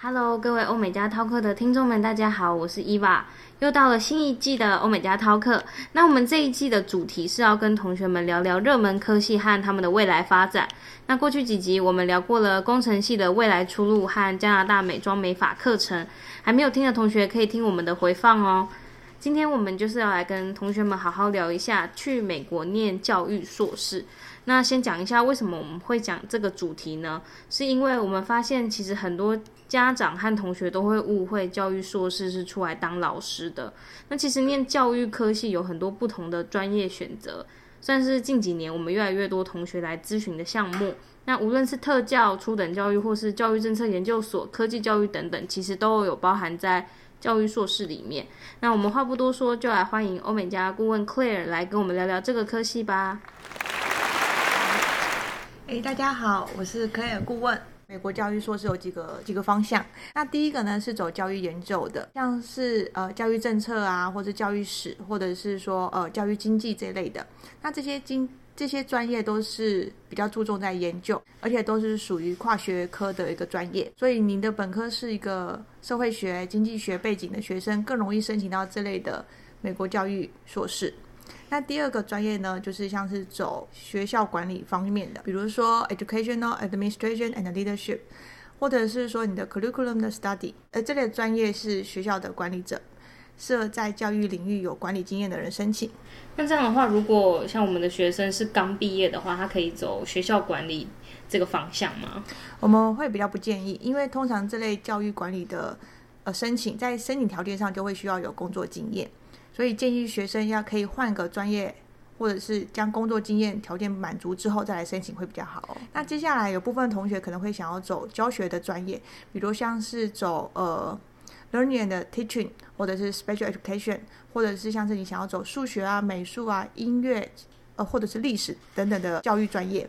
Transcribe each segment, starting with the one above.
哈嘍，Hello, 各位歐美加濤客、er、的聽眾們，大家好，我是伊、e、娃，又到了新一季的歐美加濤客、er。那我們這一季的主題是要跟同學們聊聊熱門科系和他們的未來發展。那過去幾集我們聊過了工程系的未來出路和加拿大美妝美髮課程，還沒有聽的同學可以聽我們的回放哦。今天我們就是要來跟同學們好好聊一下去美國念教育碩士。那先講一下為什麼我們會講這個主題呢？是因為我們發現其實很多。家長和同學都會誤會教育碩士是出來當老師的。那其實念教育科系有很多不同的專業選擇，算是近幾年我們越來越多同學來諮詢的項目。那無論是特教、初等教育，或是教育政策研究所、科技教育等等，其實都有包含在教育碩士裡面。那我們話不多說，就來歡迎歐美加顧問 Claire 來跟我們聊聊這個科系吧。哎、欸，大家好，我是 Claire 顧問。美國教育碩士有幾個幾個方向，那第一個呢是走教育研究的，像是呃教育政策啊，或者是教育史，或者是說呃教育經濟這類的。那這些經這些專業都是比較注重在研究，而且都是屬於跨學科的一個專業。所以您的本科是一個社會學、經濟學背景的學生，更容易申請到這類的美國教育碩士。那第二個專業呢，就是像是走學校管理方面的，比如說 educational administration and leadership，或者是說你的 curriculum 的 study，呃，而這類專業是學校的管理者，適合在教育領域有管理經驗的人申請。那這樣的話，如果像我們的學生是剛畢業的話，他可以走學校管理這個方向嗎？我們會比較不建議，因為通常這類教育管理的呃申請，在申請條件上就會需要有工作經驗。所以建議學生要可以換個專業，或者是將工作經驗條件滿足之後再來申請會比較好哦。那接下來有部分同學可能會想要走教學的專業，比如像是走呃 learning and teaching，或者是 special education，或者是像是你想要走數學啊、美術啊、音樂，呃或者是歷史等等的教育專業。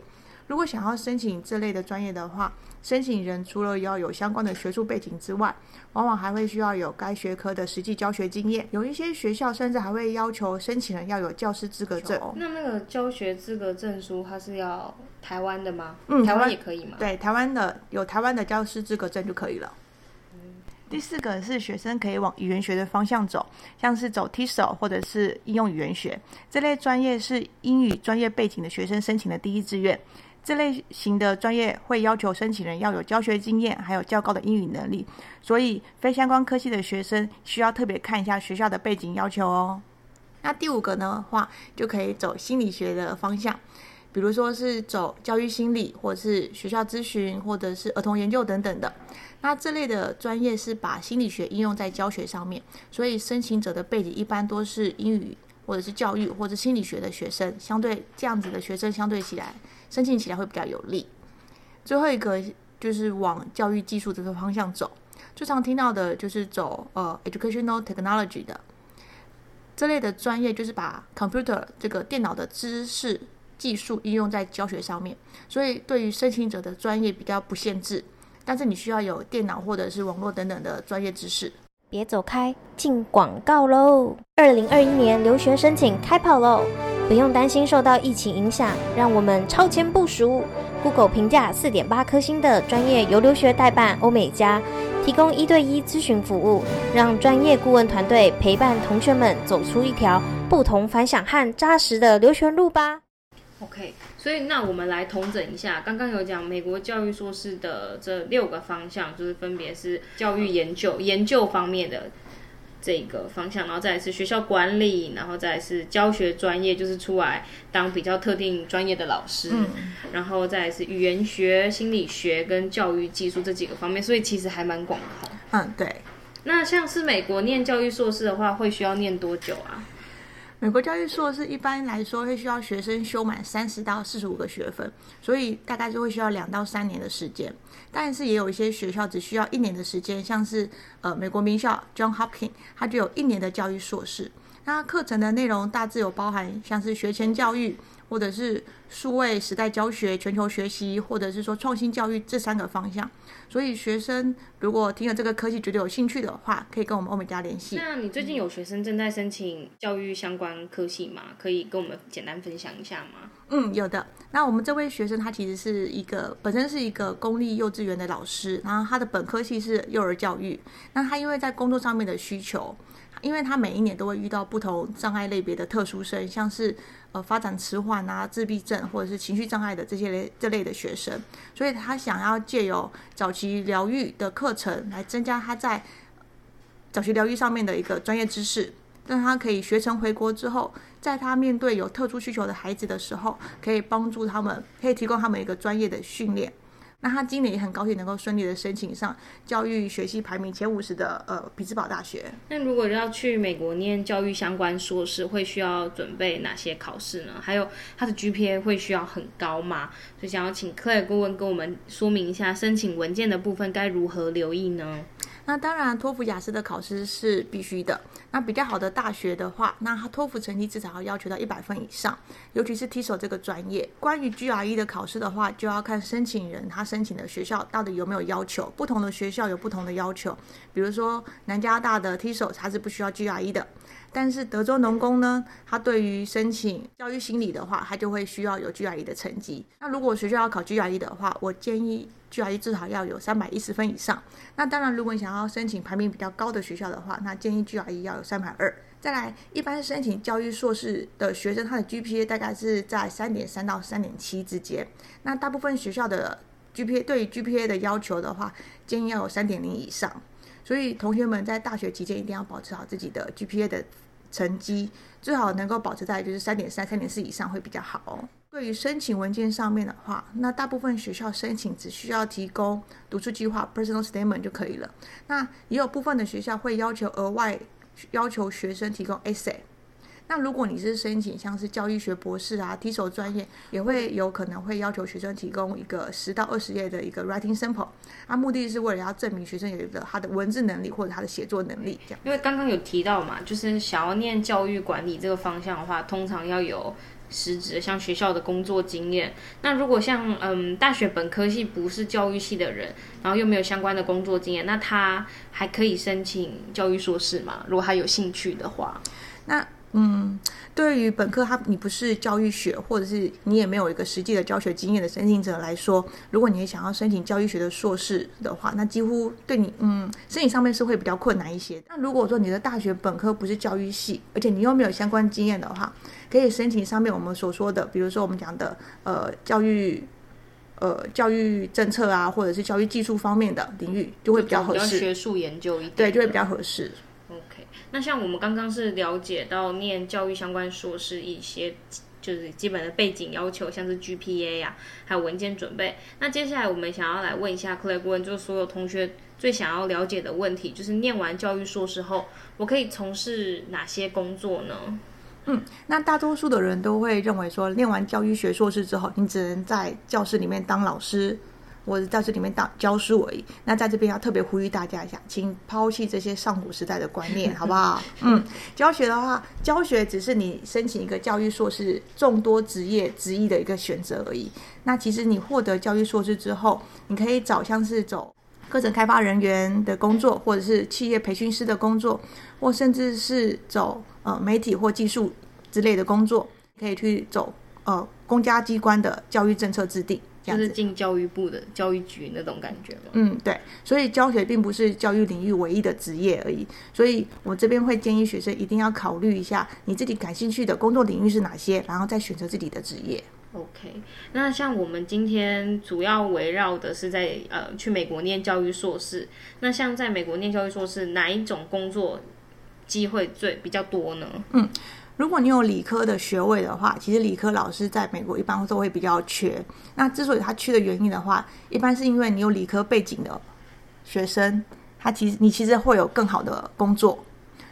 如果想要申請這類的專業的話，申請人除了要有相關的學術背景之外，往往還會需要有該學科的實際教學經驗。有一些學校甚至還會要求申請人要有教師資格證哦。那那個教學資格證書，它是要台灣的嗎？嗯，台灣也可以嗎？對，台灣的有台灣的教師資格證就可以了。嗯。第四個是學生可以往語言學的方向走，像是走 TESOL 或者是應用語言學這類專業，是英語專業背景的學生申請的第一志願。這類型的專業會要求申請人要有教學經驗，還有較高的英語能力，所以非相關科系的學生需要特別看一下學校的背景要求哦。那第五個的話就可以走心理學的方向，比如說是走教育心理，或者是學校諮詢，或者是兒童研究等等的。那這類的專業是把心理學應用在教學上面，所以申請者的背景一般都是英語。或者是教育或者是心理學的學生，相對這樣子的學生相對起來申請起來會比較有利。最後一個就是往教育技術這個方向走，最常聽到的就是走呃 educational technology 的這類的專業，就是把 computer 這個電腦的知識技術應用在教學上面。所以對於申請者的專業比較不限制，但是你需要有電腦或者是網絡等等的專業知識。別走開，進廣告嘍！二零二一年留學申請開跑嘍，不用擔心受到疫情影響，讓我們超前部署。Google 評價四點八顆星的專業遊留學代辦歐美加，提供一對一諮詢服務，讓專業顧問團隊陪伴同學們走出一條不同凡響和扎實的留學路吧。OK，所以那我們來統整一下，剛剛有講美國教育碩士的這六個方向，就是分別是教育研究、嗯、研究方面的這個方向，然後再來是學校管理，然後再來是教學專業，就是出來當比較特定專業的老師，嗯、然後再來是語言學、心理學跟教育技術這幾個方面，所以其實還蠻廣的，嗯，對。那像是美國念教育碩士的話，會需要念多久啊？美國教育碩士一般來說會需要學生修滿三十到四十五個學分，所以大概就會需要兩到三年的時間。但是也有一些學校只需要一年的時間，像是呃美國名校 John Hopkins，它就有一年的教育碩士。那課程的內容大致有包含像是學前教育，或者是數位時代教學、全球學習，或者是說創新教育這三個方向。所以學生如果聽了這個科系覺得有興趣的話，可以跟我們歐美加聯繫。那你最近有學生正在申請教育相關科系嗎？可以跟我們簡單分享一下嗎？嗯，有的。那我們這位學生他其實是一個本身是一個公立幼稚園的老師，然後他的本科系是幼兒教育。那他因為在工作上面的需求。因為他每一年都會遇到不同障礙類別的特殊生，像是呃發展遲緩啊、自閉症或者是情緒障礙的這些類這類的學生，所以他想要借由早期療育的課程來增加他在早期療育上面的一個專業知識，讓他可以學成回國之後，在他面對有特殊需求的孩子的時候，可以幫助他們，可以提供他們一個專業的訓練。那他今年也很高興能夠順利的申請上教育學系排名前五十的呃匹茲堡大學。那如果要去美國念教育相關碩士，會需要準備哪些考試呢？還有他的 GPA 會需要很高嗎？所以想要請 Claire 顧問跟我們說明一下申請文件的部分該如何留意呢？那當然，托福、雅思的考試是必須的。那比較好的大學的話，那他托福成績至少要要求到一百分以上，尤其是 TESOL 這個專業。關於 GRE 的考試的話，就要看申請人他申請的學校到底有沒有要求，不同的學校有不同的要求。比如說，南加大的 TESOL 它是不需要 GRE 的，但是德州農工呢，它對於申請教育心理的話，它就會需要有 GRE 的成績。那如果學校要考 GRE 的話，我建議。GRE 至少要有三百一十分以上。那當然，如果你想要申請排名比較高的學校的話，那建議 GRE 要有三百二。再來，一般申請教育碩士的學生，他的 GPA 大概是在三點三到三點七之間。那大部分學校的 GPA 對於 GPA 的要求的話，建議要有三點零以上。所以同學們在大學期間一定要保持好自己的 GPA 的。成績最好能夠保持在就是三點三、三點四以上會比較好哦。對於申請文件上面的話，那大部分學校申請只需要提供讀書計劃 （personal statement） 就可以了。那也有部分的學校會要求額外要求學生提供 essay。那如果你是申請像是教育學博士啊、teacher 專業，也會有可能會要求學生提供一個十到二十頁的一個 writing sample、啊。那目的是為了要證明學生有一個他的文字能力或者他的寫作能力這樣。因為剛剛有提到嘛，就是想要念教育管理這個方向的話，通常要有實職，像學校的工作經驗。那如果像嗯大學本科系不是教育系的人，然後又沒有相關的工作經驗，那他還可以申請教育碩士嘛？如果他有興趣的話，那。嗯，對於本科，他你不是教育學，或者是你也沒有一個實際的教學經驗的申請者來說，如果你想要申請教育學的碩士的話，那幾乎對你，嗯，申請上面是會比較困難一些。那如果說你的大學本科不是教育系，而且你又沒有相關經驗的話，可以申請上面我們所說的，比如說我們講的，呃，教育，呃，教育政策啊，或者是教育技術方面的領域，就會比較合適，比較學術研究一點，對，就會比較合適。OK，那像我們剛剛是了解到念教育相關碩士一些，就是基本的背景要求，像是 GPA 呀，啊，還有文件準備。那接下來我們想要來問一下 Claire 顧問，就是所有同學最想要了解的問題，就是念完教育碩士後，我可以從事哪些工作呢？嗯，那大多數的人都會認為說，念完教育學碩士之後，你只能在教室裡面當老師。我是在這裡面打，教書而已。那在這邊要特別呼籲大家一下，請拋棄這些上古時代的觀念，好不好？ 嗯，教學的話，教學只是你申請一個教育碩士眾多職業之一的一個選擇而已。那其實你獲得教育碩士之後，你可以找像是走課程開發人員的工作，或者是企業培訓師的工作，或甚至是走呃媒體或技術之類的工作，可以去走呃公家機關的教育政策制定。就是進教育部的教育局那種感覺。嗯，對，所以教學並不是教育領域唯一的職業而已。所以我這邊會建議學生一定要考慮一下，你自己感興趣的工作領域是哪些，然後再選擇自己的職業。OK，那像我們今天主要圍繞的是在呃去美國念教育碩士。那像在美國念教育碩士，哪一種工作機會最比較多呢？嗯。如果你有理科的學位的話，其實理科老師在美國一般都會比較缺。那之所以他缺的原因的話，一般是因為你有理科背景的學生，他其實你其實會有更好的工作，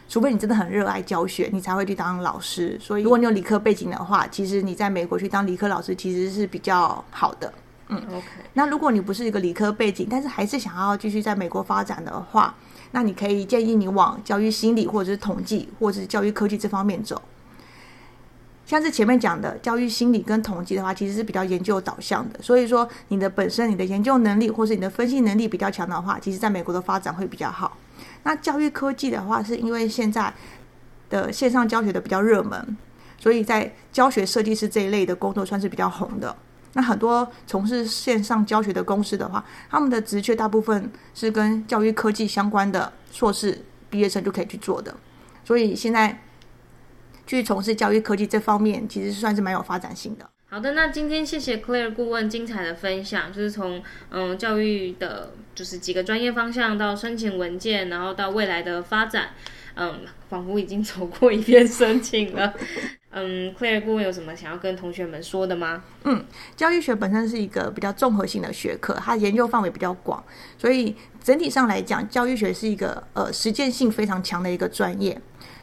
除非你真的很熱愛教學，你才會去當老師。所以如果你有理科背景的話，其實你在美國去當理科老師其實是比較好的。嗯，OK。那如果你不是一個理科背景，但是還是想要繼續在美國發展的話，那你可以建議你往教育心理或者是統計或者是教育科技這方面走。像是前面講的教育心理跟統計的話，其實是比較研究導向的。所以說你的本身你的研究能力或是你的分析能力比較強的話，其實在美國的發展會比較好。那教育科技的話，是因為現在的線上教學的比較熱門，所以在教學設計師這一類的工作算是比較紅的。那很多從事線上教學的公司的話，他們的職缺大部分是跟教育科技相關的，碩士畢業生就可以去做的。所以現在。去從事教育科技這方面，其實算是蠻有發展性的。好的，那今天謝謝 Claire 顧問精彩的分享，就是從嗯教育的，就是幾個專業方向到申請文件，然後到未來的發展，嗯，仿佛已經走過一遍申請了。嗯、 um,，Claire 顧問有什麼想要跟同學們說的嗎？嗯，教育學本身是一個比較綜合性的學科，它研究範圍比較廣，所以整體上來講，教育學是一個呃實踐性非常強的一個專業。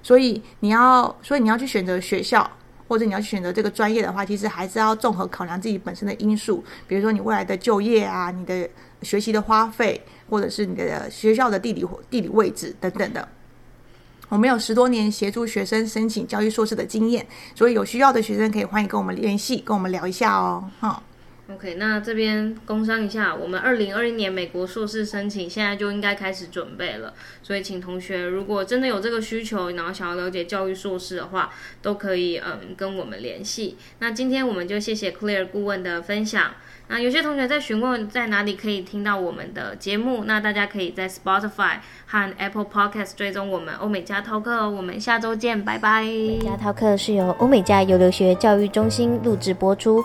所以你要，所以你要去選擇學校，或者你要去選擇這個專業的話，其實還是要綜合考量自己本身的因素，比如說你未來的就業啊，你的學習的花費，或者是你的學校的地理地理位置等等的。我們有十多年協助學生申請教育碩士的經驗，所以有需要的學生可以歡迎跟我們聯繫，跟我們聊一下哦，哈。OK，那這邊工商一下，我們二零二一年美國碩士申請現在就應該開始準備了。所以，請同學如果真的有這個需求，然後想要了解教育碩士的話，都可以嗯跟我們聯繫。那今天我們就謝謝 Claire 顧問的分享。那有些同學在詢問在哪裡可以聽到我們的節目，那大家可以在 Spotify 和 Apple Podcast 追蹤我們歐美加 Talk 哦，我們下周見，拜拜。加 Talk 是由歐美加遊留學教育中心錄制播出。